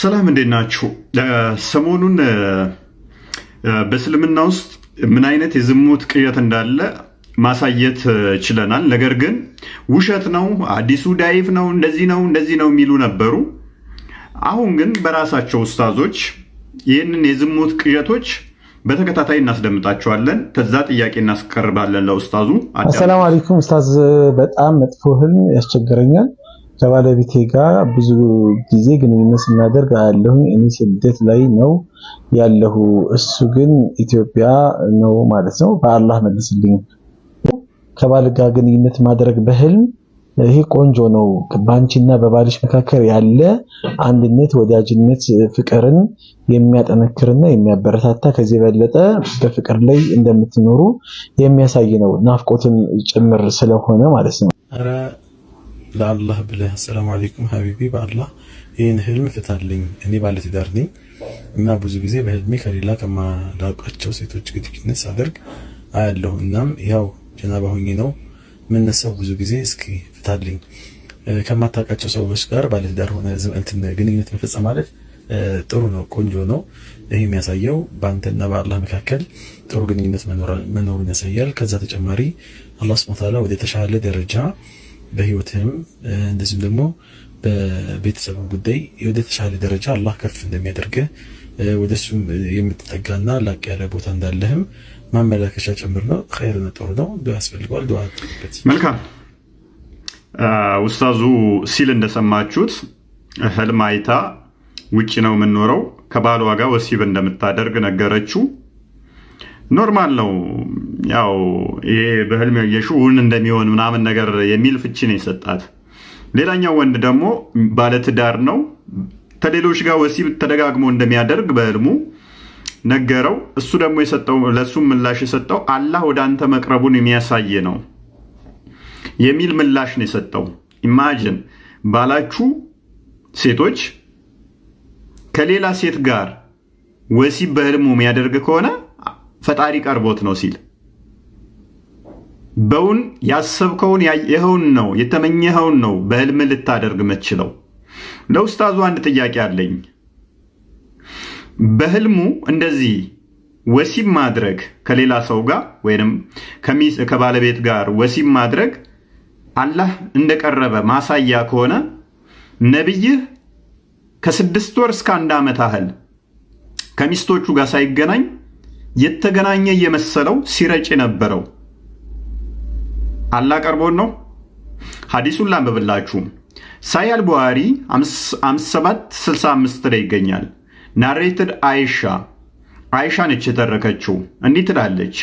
ሰላም እንዴት ናችሁ? ሰሞኑን በእስልምና ውስጥ ምን አይነት የዝሙት ቅዠት እንዳለ ማሳየት ችለናል። ነገር ግን ውሸት ነው፣ አዲሱ ዳይፍ ነው፣ እንደዚህ ነው፣ እንደዚህ ነው የሚሉ ነበሩ። አሁን ግን በራሳቸው ኡስታዞች ይህንን የዝሙት ቅዠቶች በተከታታይ እናስደምጣቸዋለን። ከዛ ጥያቄ እናስቀርባለን ለኡስታዙ። አሰላሙ አለይኩም ኡስታዝ፣ በጣም መጥፎ ህልም ያስቸግረኛል ከባለቤቴ ጋር ብዙ ጊዜ ግንኙነት ስናደርግ አያለሁ። እኔ ስደት ላይ ነው ያለሁ፣ እሱ ግን ኢትዮጵያ ነው ማለት ነው። በአላህ መልስልኝ። ከባል ጋር ግንኙነት ማድረግ በህልም ይሄ ቆንጆ ነው። በአንቺና በባልሽ መካከል ያለ አንድነት፣ ወዳጅነት፣ ፍቅርን የሚያጠነክርና የሚያበረታታ ከዚህ የበለጠ በፍቅር ላይ እንደምትኖሩ የሚያሳይ ነው። ናፍቆትን ጭምር ስለሆነ ማለት ነው። ለአላህ ብለህ አሰላሙ አለይኩም ሀቢቢ በአላህ ይህን ህልም ፍታልኝ፣ እኔ ባለትዳር ነኝ እና ብዙ ጊዜ በህልሜ ከሌላ ከማላውቃቸው ሴቶች ግንኙነት ሳደርግ አያለሁ። እናም ያው ጀናባ ሆኜ ነው የምነሳው ብዙ ጊዜ። እስኪ ፍታልኝ። ከማታውቃቸው ሰዎች ጋር ባለትዳር ሆነ ግንኙነት መፈጸም ማለት ጥሩ ነው፣ ቆንጆ ነው። ይህ የሚያሳየው በአንተና በአላህ መካከል ጥሩ ግንኙነት መኖሩን ያሳያል። ከዛ ተጨማሪ አላህ ስብሐት ወተዓላ ወደ ተሻለ ደረጃ በህይወትህም እንደዚሁም ደግሞ በቤተሰብ ጉዳይ ወደ ተሻለ ደረጃ አላህ ከፍ እንደሚያደርግህ ወደሱም የምትጠጋና ላቅ ያለ ቦታ እንዳለህም ማመላከሻ ጭምር ነው። ኸይር ጥሩ ነው። ዱዓ ያስፈልገዋል። ዱዓ አድርግበት። መልካም ውስታዙ ሲል እንደሰማችሁት ህልም አይታ ውጭ ነው የምንኖረው ከባሏ ጋር ወሲብ እንደምታደርግ ነገረችው። ኖርማል ነው። ያው ይሄ በህልም የሽውን እንደሚሆን ምናምን ነገር የሚል ፍቺ ነው የሰጣት። ሌላኛው ወንድ ደግሞ ባለትዳር ነው። ከሌሎች ጋር ወሲብ ተደጋግሞ እንደሚያደርግ በህልሙ ነገረው። እሱ ደግሞ የሰጠው ለእሱም ምላሽ የሰጠው አላህ ወደ አንተ መቅረቡን የሚያሳይ ነው የሚል ምላሽ ነው የሰጠው። ኢማጅን ባላችሁ ሴቶች ከሌላ ሴት ጋር ወሲብ በህልሙ የሚያደርግ ከሆነ ፈጣሪ ቀርቦት ነው ሲል በውን ያሰብከውን ያየኸውን ነው የተመኘኸውን ነው በህልም ልታደርግ ምችለው። ለውስታዙ አንድ ጥያቄ አለኝ። በህልሙ እንደዚህ ወሲብ ማድረግ ከሌላ ሰው ጋር ወይም ከባለቤት ጋር ወሲብ ማድረግ አላህ እንደቀረበ ማሳያ ከሆነ ነቢይህ ከስድስት ወር እስከ አንድ ዓመት ያህል ከሚስቶቹ ጋር ሳይገናኝ የተገናኘ የመሰለው ሲረጭ ነበረው። አላ ቀርቦን ነው። ሀዲሱን ላንብብላችሁ። ሳይ አልቡሃሪ 5765 ላይ ይገኛል። ናሬትድ አይሻ አይሻ ነች የተረከችው። እንዲህ ትላለች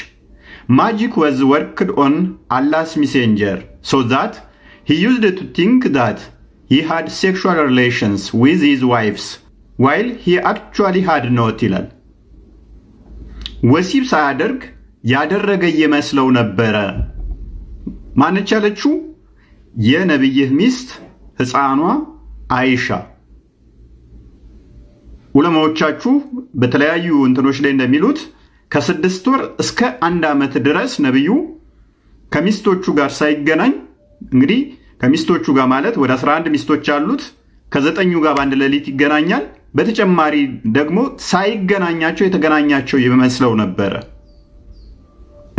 ማጂክ ወዝ ወርክድ ኦን አላስ ሚሴንጀር ሶ ዛት ሂ ዩዝድ ቱ ቲንክ ዛት ሂ ሃድ ሴክሹዋል ሪሌሽንስ ዊዝ ሂዝ ዋይፍስ ዋይል ሂ አክቹዋሊ ሃድ ኖት ይላል። ወሲብ ሳያደርግ ያደረገ የመስለው ነበረ። ማነች ያለችው? የነብይህ ሚስት ህፃኗ አይሻ። ዑለማዎቻችሁ በተለያዩ እንትኖች ላይ እንደሚሉት ከስድስት ወር እስከ አንድ ዓመት ድረስ ነብዩ ከሚስቶቹ ጋር ሳይገናኝ እንግዲህ ከሚስቶቹ ጋር ማለት ወደ 11 ሚስቶች አሉት ከዘጠኙ ጋር በአንድ ሌሊት ይገናኛል። በተጨማሪ ደግሞ ሳይገናኛቸው የተገናኛቸው ይመስለው ነበረ።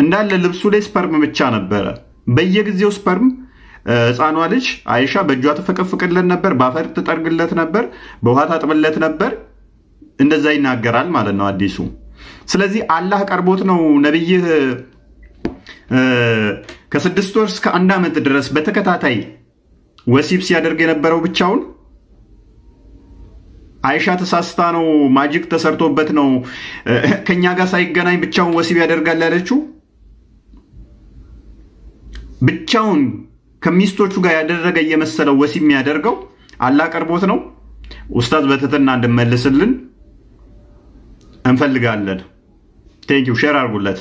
እንዳለ ልብሱ ላይ ስፐርም ብቻ ነበረ። በየጊዜው ስፐርም ህፃኗ ልጅ አይሻ በእጇ ተፈቀፍቅለት ነበር፣ በአፈር ትጠርግለት ነበር፣ በውሃ ታጥብለት ነበር። እንደዛ ይናገራል ማለት ነው አዲሱ። ስለዚህ አላህ ቀርቦት ነው ነቢይህ ከስድስት ወር እስከ አንድ ዓመት ድረስ በተከታታይ ወሲብ ሲያደርግ የነበረው ብቻውን አይሻ ተሳስታ ነው ማጂክ ተሰርቶበት ነው ከኛ ጋር ሳይገናኝ ብቻውን ወሲብ ያደርጋል ያለችው? ብቻውን ከሚስቶቹ ጋር ያደረገ እየመሰለው ወሲብ የሚያደርገው አላቀርቦት ነው? ኡስታዝ በትህትና እንድመልስልን እንፈልጋለን። ቴንኪው ሼር አድርጉለት።